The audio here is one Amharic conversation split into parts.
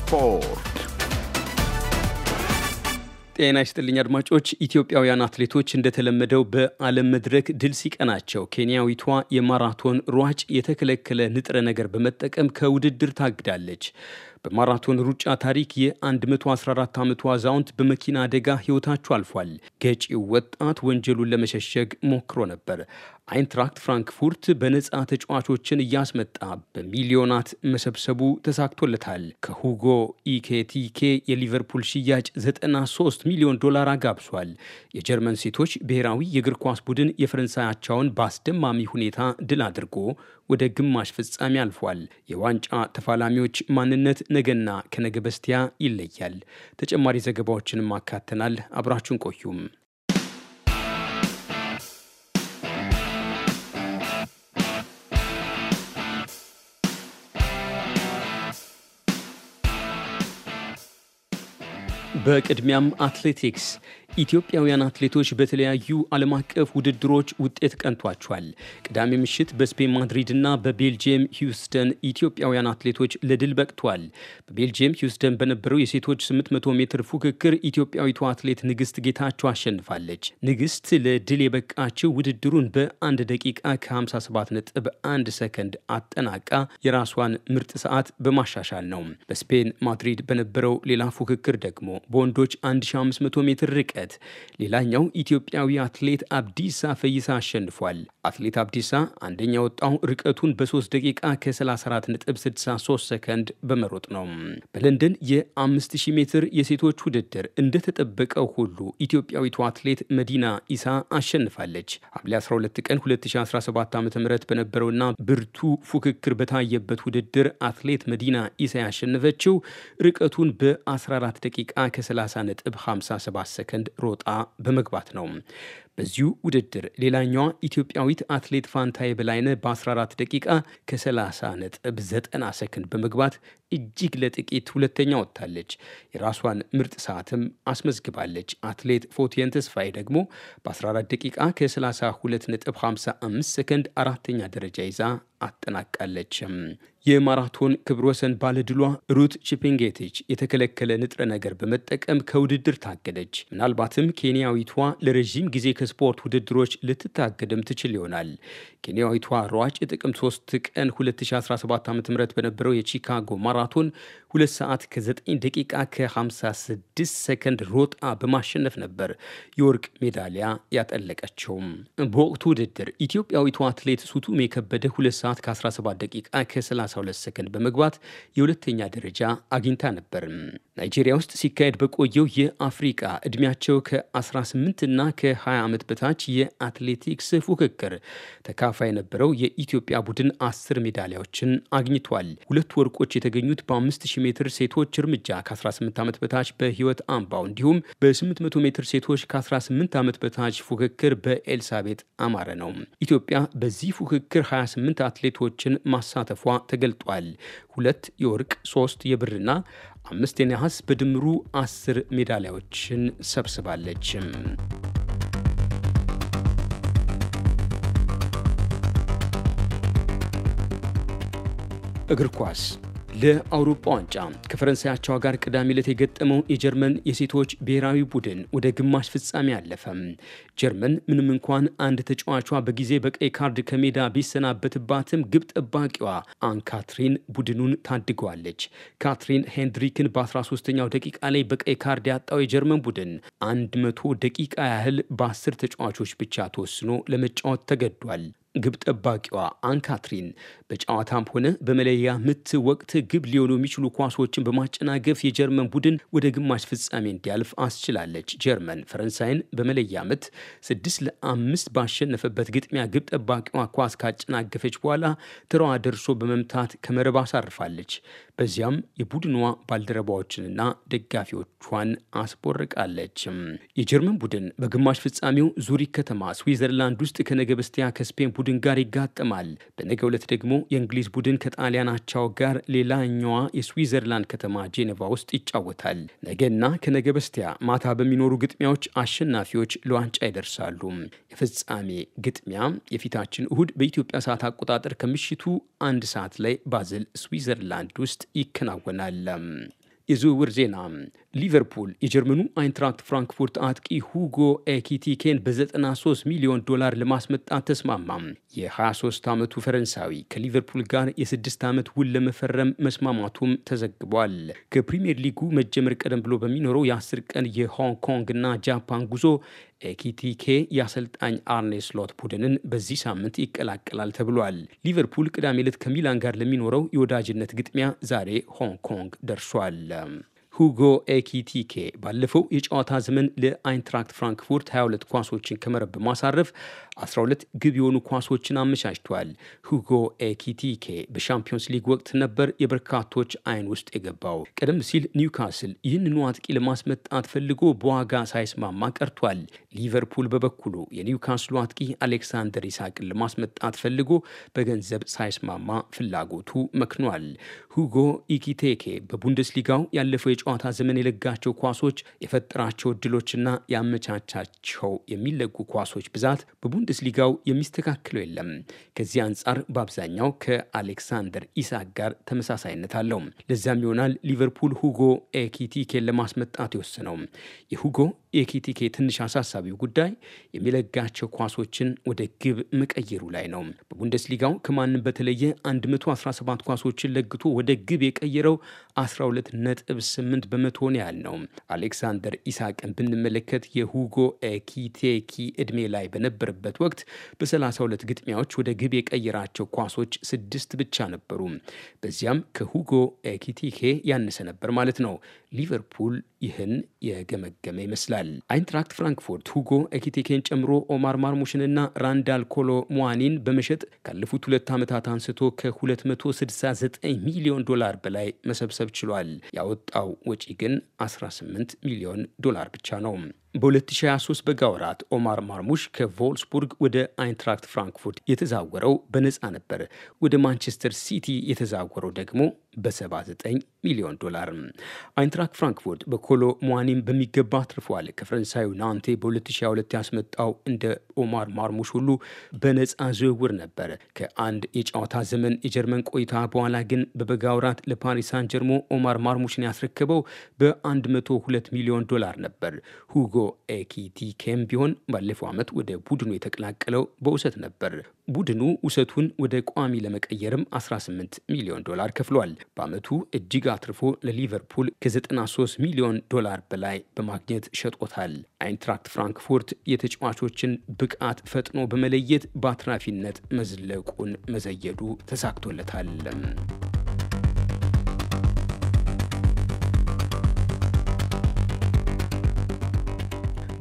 ስፖርት ጤና ይስጥልኝ አድማጮች። ኢትዮጵያውያን አትሌቶች እንደተለመደው በዓለም መድረክ ድል ሲቀናቸው ኬንያዊቷ የማራቶን ሯጭ የተከለከለ ንጥረ ነገር በመጠቀም ከውድድር ታግዳለች። በማራቶን ሩጫ ታሪክ የ114 ዓመቱ አዛውንት በመኪና አደጋ ሕይወታቸው አልፏል። ገጪው ወጣት ወንጀሉን ለመሸሸግ ሞክሮ ነበር። አይንትራክት ፍራንክፉርት በነጻ ተጫዋቾችን እያስመጣ በሚሊዮናት መሰብሰቡ ተሳክቶለታል። ከሁጎ ኢኬቲኬ የሊቨርፑል ሽያጭ 93 ሚሊዮን ዶላር አጋብሷል። የጀርመን ሴቶች ብሔራዊ የእግር ኳስ ቡድን የፈረንሳያቸውን በአስደማሚ ሁኔታ ድል አድርጎ ወደ ግማሽ ፍጻሜ አልፏል። የዋንጫ ተፋላሚዎች ማንነት ነገና ከነገ በስቲያ ይለያል። ተጨማሪ ዘገባዎችንም አካተናል። አብራችሁን ቆዩም። በቅድሚያም አትሌቲክስ ኢትዮጵያውያን አትሌቶች በተለያዩ ዓለም አቀፍ ውድድሮች ውጤት ቀንቷቸዋል። ቅዳሜ ምሽት በስፔን ማድሪድ እና በቤልጅየም ሂውስተን ኢትዮጵያውያን አትሌቶች ለድል በቅቷል። በቤልጅየም ሂውስተን በነበረው የሴቶች 800 ሜትር ፉክክር ኢትዮጵያዊቷ አትሌት ንግስት ጌታቸው አሸንፋለች። ንግስት ለድል የበቃችው ውድድሩን በ1 ደቂቃ ከ57 ነጥብ 1 ሰከንድ አጠናቃ የራሷን ምርጥ ሰዓት በማሻሻል ነው። በስፔን ማድሪድ በነበረው ሌላ ፉክክር ደግሞ በወንዶች 1500 ሜትር ርቀት አለበት። ሌላኛው ኢትዮጵያዊ አትሌት አብዲሳ ፈይሳ አሸንፏል። አትሌት አብዲሳ አንደኛ ወጣው ርቀቱን በ3 ደቂቃ ከ 63 ሰከንድ በመሮጥ ነው። በለንደን የ5000 ሜትር የሴቶች ውድድር እንደተጠበቀው ሁሉ ኢትዮጵያዊቱ አትሌት መዲና ኢሳ አሸንፋለች። ሐምሌ 12 ቀን 2017 ዓ ም በነበረውና ብርቱ ፉክክር በታየበት ውድድር አትሌት መዲና ኢሳ ያሸነፈችው ርቀቱን በ14 ደቂቃ ከ 57 ሰከንድ ሮጣ በመግባት ነው። በዚሁ ውድድር ሌላኛዋ ኢትዮጵያዊት አትሌት ፋንታዬ በላይነህ በ14 ደቂቃ ከ30 ነጥብ 90 ሰከንድ በመግባት እጅግ ለጥቂት ሁለተኛ ወጥታለች። የራሷን ምርጥ ሰዓትም አስመዝግባለች። አትሌት ፎቴን ተስፋዬ ደግሞ በ14 ደቂቃ ከ32 ነጥብ 55 ሰከንድ አራተኛ ደረጃ ይዛ አጠናቃለች። የማራቶን ክብረ ወሰን ባለድሏ ሩት ቺፔንጌቲች የተከለከለ ንጥረ ነገር በመጠቀም ከውድድር ታገደች። ምናልባትም ኬንያዊቷ ለረዥም ጊዜ ከስፖርት ውድድሮች ልትታገድም ትችል ይሆናል። ኬንያዊቷ ሯጭ ጥቅም 3 ቀን 2017 ዓ ም በነበረው የቺካጎ ማራቶን 2 ሰዓት ከ9 ደቂቃ ከ56 ሰከንድ ሮጣ በማሸነፍ ነበር የወርቅ ሜዳሊያ ያጠለቀችውም። በወቅቱ ውድድር ኢትዮጵያዊቷ አትሌት ሱቱሜ ከበደ 2 ሰዓት ከ17 ደቂቃ ከ32 ሰከንድ በመግባት የሁለተኛ ደረጃ አግኝታ ነበር። ናይጄሪያ ውስጥ ሲካሄድ በቆየው የአፍሪቃ ዕድሜያቸው ከ18 እና ከ20 ዓመት በታች የአትሌቲክስ ፉክክር ተካፋይ የነበረው የኢትዮጵያ ቡድን አስር ሜዳሊያዎችን አግኝቷል። ሁለት ወርቆች የተገኙት በ5000 ሜትር ሴቶች እርምጃ ከ18 ዓመት በታች በህይወት አምባው እንዲሁም በ800 ሜትር ሴቶች ከ18 ዓመት በታች ፉክክር በኤልሳቤጥ አማረ ነው። ኢትዮጵያ በዚህ ፉክክር 28 አትሌቶችን ማሳተፏ ተገልጧል። ሁለት የወርቅ ሶስት የብርና አምስት የነሐስ በድምሩ አስር ሜዳሊያዎችን ሰብስባለች። እግር ኳስ ለአውሮፓ ዋንጫ ከፈረንሳያቸው ጋር ቅዳሜ ዕለት የገጠመው የጀርመን የሴቶች ብሔራዊ ቡድን ወደ ግማሽ ፍጻሜ አለፈ። ጀርመን ምንም እንኳን አንድ ተጫዋቿ በጊዜ በቀይ ካርድ ከሜዳ ቢሰናበትባትም ግብ ጠባቂዋ አንካትሪን ቡድኑን ታድገዋለች። ካትሪን ሄንድሪክን በ13ኛው ደቂቃ ላይ በቀይ ካርድ ያጣው የጀርመን ቡድን 100 ደቂቃ ያህል በ10 ተጫዋቾች ብቻ ተወስኖ ለመጫወት ተገዷል። ግብ ጠባቂዋ አንካትሪን በጨዋታም ሆነ በመለያ ምት ወቅት ግብ ሊሆኑ የሚችሉ ኳሶችን በማጨናገፍ የጀርመን ቡድን ወደ ግማሽ ፍጻሜ እንዲያልፍ አስችላለች። ጀርመን ፈረንሳይን በመለያ ምት ስድስት ለአምስት ባሸነፈበት ግጥሚያ ግብ ጠባቂዋ ኳስ ካጨናገፈች በኋላ ትረዋ ደርሶ በመምታት ከመረብ አሳርፋለች። በዚያም የቡድኗ ባልደረባዎችንና ደጋፊዎቿን አስቦርቃለች። የጀርመን ቡድን በግማሽ ፍጻሜው ዙሪክ ከተማ ስዊዘርላንድ ውስጥ ከነገ በስቲያ ከስፔን ቡድን ጋር ይጋጥማል። በነገ ዕለት ደግሞ የእንግሊዝ ቡድን ከጣሊያን አቻው ጋር ሌላኛዋ የስዊዘርላንድ ከተማ ጄኔቫ ውስጥ ይጫወታል። ነገና ከነገ በስቲያ ማታ በሚኖሩ ግጥሚያዎች አሸናፊዎች ለዋንጫ ይደርሳሉ። የፍጻሜ ግጥሚያ የፊታችን እሁድ በኢትዮጵያ ሰዓት አቆጣጠር ከምሽቱ አንድ ሰዓት ላይ ባዝል ስዊዘርላንድ ውስጥ ይከናወናል። የዝውውር ዜና ሊቨርፑል የጀርመኑ አይንትራክት ፍራንክፉርት አጥቂ ሁጎ ኤኪቲኬን በ93 ሚሊዮን ዶላር ለማስመጣት ተስማማ። የ23 ዓመቱ ፈረንሳዊ ከሊቨርፑል ጋር የስድስት ዓመት ውል ለመፈረም መስማማቱም ተዘግቧል። ከፕሪምየር ሊጉ መጀመር ቀደም ብሎ በሚኖረው የ10 ቀን የሆንግ ኮንግ እና ጃፓን ጉዞ ኤኪቲኬ የአሰልጣኝ አርኔ ስሎት ቡድንን በዚህ ሳምንት ይቀላቀላል ተብሏል። ሊቨርፑል ቅዳሜ ዕለት ከሚላን ጋር ለሚኖረው የወዳጅነት ግጥሚያ ዛሬ ሆንግ ኮንግ ደርሷል። ሁጎ ኤኪቲኬ ባለፈው የጨዋታ ዘመን ለአይንትራክት ፍራንክፉርት 22 ኳሶችን ከመረብ በማሳረፍ 12 ግብ የሆኑ ኳሶችን አመቻችቷል። ሁጎ ኤኪቲኬ በሻምፒዮንስ ሊግ ወቅት ነበር የበርካቶች አይን ውስጥ የገባው። ቀደም ሲል ኒውካስል ይህንኑ አጥቂ ለማስመጣት ፈልጎ በዋጋ ሳይስማማ ቀርቷል። ሊቨርፑል በበኩሉ የኒውካስሉ አጥቂ አሌክሳንደር ኢሳቅን ለማስመጣት ፈልጎ በገንዘብ ሳይስማማ ፍላጎቱ መክኗል። ሁጎ ኢኪቴኬ በቡንደስሊጋው ያለፈው የጨዋታ ዘመን የለጋቸው ኳሶች፣ የፈጠራቸው እድሎችና ያመቻቻቸው የሚለጉ ኳሶች ብዛት በቡንደስሊጋው የሚስተካክለው የለም። ከዚህ አንጻር በአብዛኛው ከአሌክሳንደር ኢሳክ ጋር ተመሳሳይነት አለው። ለዚያም ይሆናል ሊቨርፑል ሁጎ ኤኪቲኬን ለማስመጣት የወሰነው የሁጎ የኪቲኬ ትንሽ አሳሳቢው ጉዳይ የሚለጋቸው ኳሶችን ወደ ግብ መቀየሩ ላይ ነው። በቡንደስሊጋው ከማንም በተለየ 117 ኳሶችን ለግቶ ወደ ግብ የቀየረው 12 ነጥብ በመቶን ያህል ነው። አሌክሳንደር ኢሳቅን ብንመለከት የሁጎ ኤኪቴኪ እድሜ ላይ በነበረበት ወቅት በ32 ግጥሚያዎች ወደ ግብ የቀየራቸው ኳሶች ስድስት ብቻ ነበሩ። በዚያም ከሁጎ ኤኪቴኬ ያነሰ ነበር ማለት ነው። ሊቨርፑል ይህን የገመገመ ይመስላል። ይናገራል። አይንትራክት ፍራንክፉርት ሁጎ ኤኪቴኬን ጨምሮ ኦማር ማርሙሽንና ራንዳል ኮሎ ሙዋኒን በመሸጥ ካለፉት ሁለት ዓመታት አንስቶ ከ269 ሚሊዮን ዶላር በላይ መሰብሰብ ችሏል። ያወጣው ወጪ ግን 18 ሚሊዮን ዶላር ብቻ ነው። በ2023 በጋ ወራት ኦማር ማርሙሽ ከቮልስቡርግ ወደ አይንትራክት ፍራንክፉርት የተዛወረው በነፃ ነበር። ወደ ማንቸስተር ሲቲ የተዛወረው ደግሞ በ79 ሚሊዮን ዶላር። አይንትራክት ፍራንክፉርት በኮሎ ሙዋኒም በሚገባ አትርፏል። ከፈረንሳዩ ናንቴ በ2022 ያስመጣው እንደ ኦማር ማርሙሽ ሁሉ በነፃ ዝውውር ነበር። ከአንድ የጨዋታ ዘመን የጀርመን ቆይታ በኋላ ግን በበጋ ወራት ለፓሪስ ሳን ጀርሞ ኦማር ማርሙሽን ያስረከበው በ102 ሚሊዮን ዶላር ነበር። ሁጎ ኤኪቲ ኤኪቲኬም ቢሆን ባለፈው ዓመት ወደ ቡድኑ የተቀላቀለው በውሰት ነበር። ቡድኑ ውሰቱን ወደ ቋሚ ለመቀየርም 18 ሚሊዮን ዶላር ከፍሏል። በዓመቱ እጅግ አትርፎ ለሊቨርፑል ከ93 ሚሊዮን ዶላር በላይ በማግኘት ሸጦታል። አይንትራክት ፍራንክፉርት የተጫዋቾችን ብቃት ፈጥኖ በመለየት በአትራፊነት መዝለቁን መዘየዱ ተሳክቶለታል።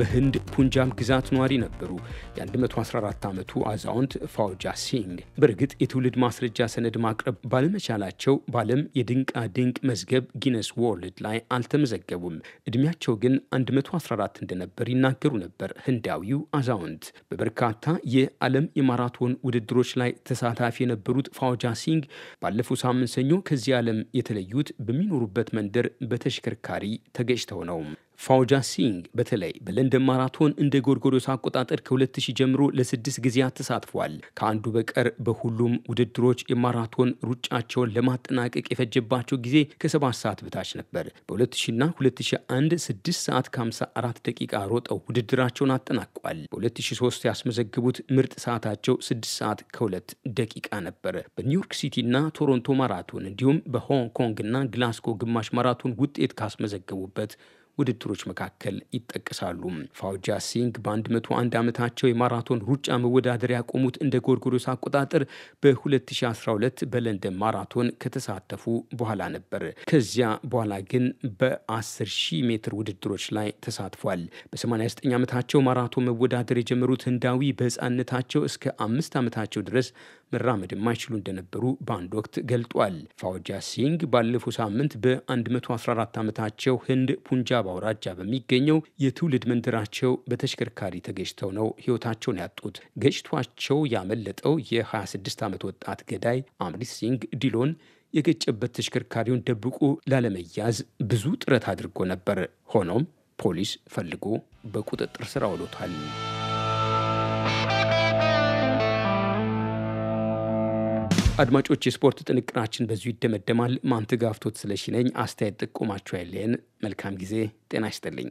በህንድ ፑንጃብ ግዛት ነዋሪ ነበሩ። የ114 ዓመቱ አዛውንት ፋውጃ ሲንግ በእርግጥ የትውልድ ማስረጃ ሰነድ ማቅረብ ባለመቻላቸው በዓለም የድንቃ ድንቅ መዝገብ ጊነስ ወርልድ ላይ አልተመዘገቡም። እድሜያቸው ግን 114 እንደነበር ይናገሩ ነበር። ህንዳዊው አዛውንት በበርካታ የዓለም የማራቶን ውድድሮች ላይ ተሳታፊ የነበሩት ፋውጃ ሲንግ ባለፈው ሳምንት ሰኞ ከዚህ ዓለም የተለዩት በሚኖሩበት መንደር በተሽከርካሪ ተገጭተው ነው። ፋውጃ ሲንግ በተለይ በለንደን ማራቶን እንደ ጎርጎሮስ አቆጣጠር ከ2000 ጀምሮ ለስድስት ጊዜያት ተሳትፏል። ከአንዱ በቀር በሁሉም ውድድሮች የማራቶን ሩጫቸውን ለማጠናቀቅ የፈጀባቸው ጊዜ ከ7 ሰዓት በታች ነበር። በ2000ና 2001 6 ሰዓት ከ54 ደቂቃ ሮጠው ውድድራቸውን አጠናቋል። በ2003 ያስመዘግቡት ምርጥ ሰዓታቸው 6 ሰዓት ከ2 ደቂቃ ነበር። በኒውዮርክ ሲቲና ቶሮንቶ ማራቶን እንዲሁም በሆንግ ኮንግና ግላስጎ ግማሽ ማራቶን ውጤት ካስመዘገቡበት ውድድሮች መካከል ይጠቀሳሉ። ፋውጃ ሲንግ በ101 ዓመታቸው የማራቶን ሩጫ መወዳደር ያቆሙት እንደ ጎርጎሮስ አቆጣጠር በ2012 በለንደን ማራቶን ከተሳተፉ በኋላ ነበር። ከዚያ በኋላ ግን በ10 ሺህ ሜትር ውድድሮች ላይ ተሳትፏል። በ89 ዓመታቸው ማራቶን መወዳደር የጀመሩት ህንዳዊ በህፃንነታቸው እስከ አምስት ዓመታቸው ድረስ መራመድ የማይችሉ እንደነበሩ በአንድ ወቅት ገልጧል። ፋውጃ ሲንግ ባለፈው ሳምንት በ114 ዓመታቸው ህንድ ፑንጃብ አውራጃ በሚገኘው የትውልድ መንደራቸው በተሽከርካሪ ተገጭተው ነው ህይወታቸውን ያጡት። ገጭቷቸው ያመለጠው የ26 ዓመት ወጣት ገዳይ አምሪት ሲንግ ዲሎን የገጨበት ተሽከርካሪውን ደብቆ ላለመያዝ ብዙ ጥረት አድርጎ ነበር። ሆኖም ፖሊስ ፈልጎ በቁጥጥር ስር አውሎታል። አድማጮች፣ የስፖርት ጥንቅራችን በዚሁ ይደመደማል። ማንተጋፍቶት ስለሺ ነኝ። አስተያየት ጥቆማችሁ ያለን። መልካም ጊዜ። ጤና ይስጥልኝ።